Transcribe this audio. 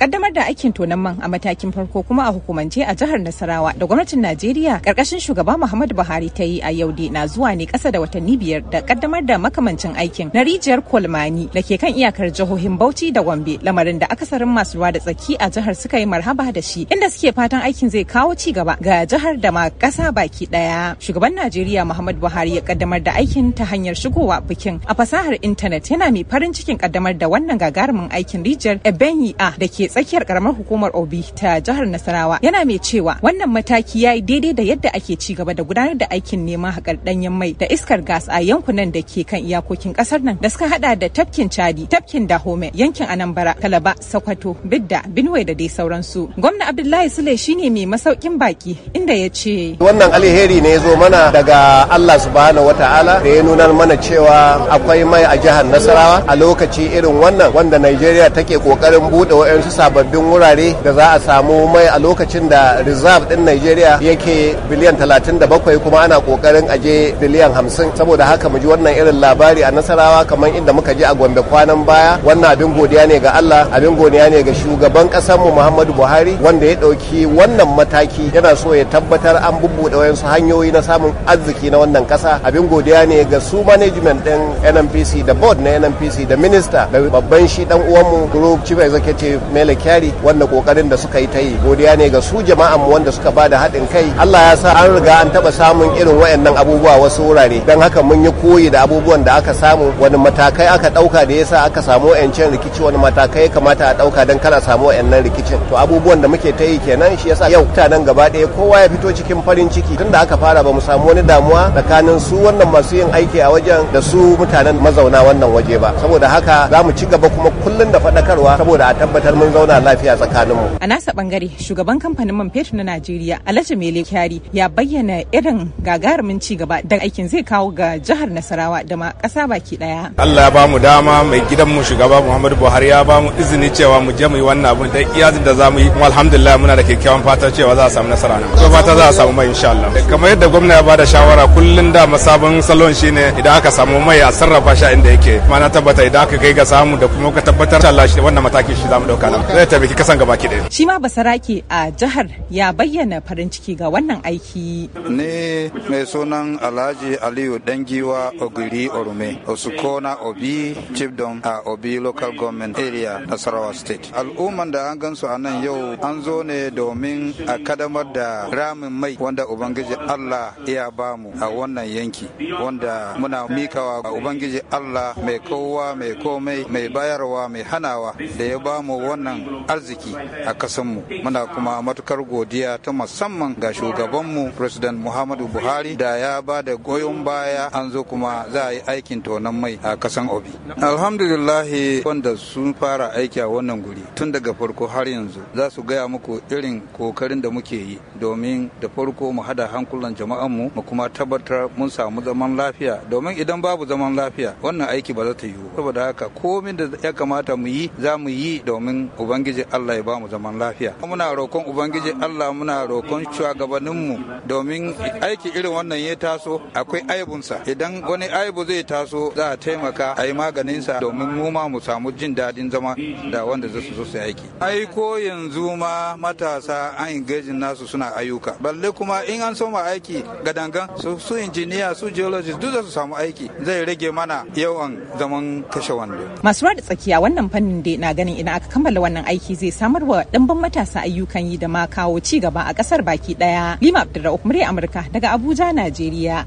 kaddamar da aikin tonon man a matakin farko kuma a hukumance a jihar Nasarawa da gwamnatin Najeriya karkashin shugaba Muhammadu Buhari ta yi a yau na zuwa ne kasa da watanni biyar da kaddamar da makamancin aikin na rijiyar Kolmani da ke kan iyakar jihohin Bauchi da Gombe lamarin da akasarin masu ruwa da tsaki a jihar suka yi marhaba da shi inda suke fatan aikin zai kawo ci gaba ga jihar da ma kasa baki daya shugaban Najeriya Muhammadu Buhari ya kaddamar da aikin ta hanyar shigowa bikin a fasahar intanet yana mai farin cikin kaddamar da wannan gagarumin aikin rijiyar Ebenyi a da ke ke tsakiyar karamar hukumar Obi ta jihar Nasarawa yana mai cewa wannan mataki ya yi daidai da yadda ake ci gaba da gudanar da aikin neman haƙar ɗanyen mai da iskar gas a yankunan da ke kan iyakokin ƙasar nan da suka hada da tafkin Chadi, tafkin Dahome, yankin Anambra, Kalaba, Sokoto, Bidda, Benue da dai sauransu. Gwamna Abdullahi Sule shine mai masaukin baki inda ya ce wannan alheri ne ya zo mana daga Allah subhanahu wata'ala da ya nuna mana cewa akwai mai a jihar Nasarawa a lokaci irin wannan wanda Najeriya take kokarin bude wa'ansu sababbin wurare da za a samu mai a lokacin da reserve din Najeriya yake biliyan 37 kuma ana kokarin aje biliyan 50 saboda haka mu ji wannan irin labari a Nasarawa kamar inda muka ji a Gombe kwanan baya wannan abin godiya ne ga Allah abin godiya ne ga shugaban kasar mu Muhammadu Buhari wanda ya dauki wannan mataki yana so ya tabbatar an bubbuɗe wayansu hanyoyi na samun arziki na wannan kasa abin godiya ne ga su management din NNPC da board na NNPC da minister da babban shi dan uwanmu group chief executive Ela Kyari wanda kokarin da suka yi ta yi godiya ne ga su jama'an mu wanda suka bada haɗin kai Allah ya sa an riga an taɓa samun irin wayannan abubuwa wasu wurare don haka mun yi koyi da abubuwan da aka samu wani matakai aka ɗauka da yasa aka samu yancin rikici wani matakai kamata a ɗauka don kada samu wayannan rikicin to abubuwan da muke ta yi kenan shi yasa yau mutanen gaba ɗaya kowa ya fito cikin farin ciki tunda aka fara ba mu samu wani damuwa tsakanin su wannan masu yin aiki a wajen da su mutanen mazauna wannan waje ba saboda haka za mu ci gaba kuma kullum da faɗakarwa saboda a tabbatar mun zauna lafiya tsakaninmu. A nasa bangare shugaban kamfanin man fetur na Najeriya Alhaji Mele Kyari ya bayyana irin gagarumin ci gaba da aikin zai kawo ga jihar Nasarawa da ma ƙasa baki ɗaya. Allah ya ba mu dama mai mu shugaba Muhammadu Buhari ya ba mu izini cewa mu je mu yi wannan abun da iyazin da za mu yi kuma alhamdulillah muna da kyakkyawan fata cewa za a samu nasara nan. Kuma fata za a samu mai insha Allah. Kamar yadda gwamna ya ba da shawara kullun da sabon salon shine idan aka samu mai a sarrafa shi inda yake. Kuma na tabbata idan aka kai ga samu da kuma ka tabbatar Allah shi wannan mataki shi za mu ɗauka nan. zai taimaki kasan gaba ki ɗaya. Shi ma Basaraki a jihar ya bayyana farin ciki ga wannan aiki. Ne mai sunan Alhaji Aliyu Dangiwa Ogiri Orume, Osukona Obi, Chiefdom a Obi Local Government Area, na Sarawa State. Al'umman da an gansu a nan yau an zo ne domin a kadamar da ramin mai wanda Ubangiji Allah ya bamu a wannan yanki wanda muna mikawa Ubangiji Allah mai kowa mai komai mai bayarwa mai hanawa da ya bamu wannan tattalin arziki a ƙasarmu muna kuma matukar godiya ta musamman ga shugabanmu president muhammadu buhari da ya ba da goyon baya an zo kuma za a yi aikin tonon mai a ƙasan obi alhamdulillahi wanda sun fara aiki a wannan guri tun daga farko har yanzu za su gaya muku irin kokarin da muke yi domin da farko mu hada hankulan jama'an mu kuma tabbatar mun samu zaman lafiya domin idan babu zaman lafiya wannan aiki ba za ta yiwu saboda haka komin da ya kamata mu yi za mu yi domin ubangiji Allah ya ba mu zaman lafiya muna roƙon ubangiji Allah muna roƙon shugabanninmu domin aiki irin wannan ya taso akwai aibunsa idan wani aibu zai taso za a taimaka a yi maganinsa domin mu ma mu samu jin daɗin zama da wanda zai zo su aiki aiko yanzu ma matasa an engaging nasu suna ayyuka balle kuma in an soma aiki gadangan su su injiniya su geologist duk su samu aiki zai rage mana yawan zaman kashe wando masu da tsakiya wannan fannin dai na ganin ina aka kammala wannan wannan aiki zai samar wa ɗimbin matasa ayyukan yi da ma kawo ci gaba a ƙasar baki ɗaya. Lima Abdulrahman Murya Amurka daga Abuja, Najeriya.